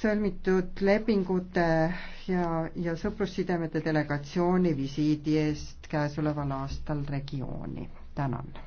sõlmitud lepingute ja, ja sõprussidemete delegatsiooni visiidi eest käesoleval aastal regiooni. tänan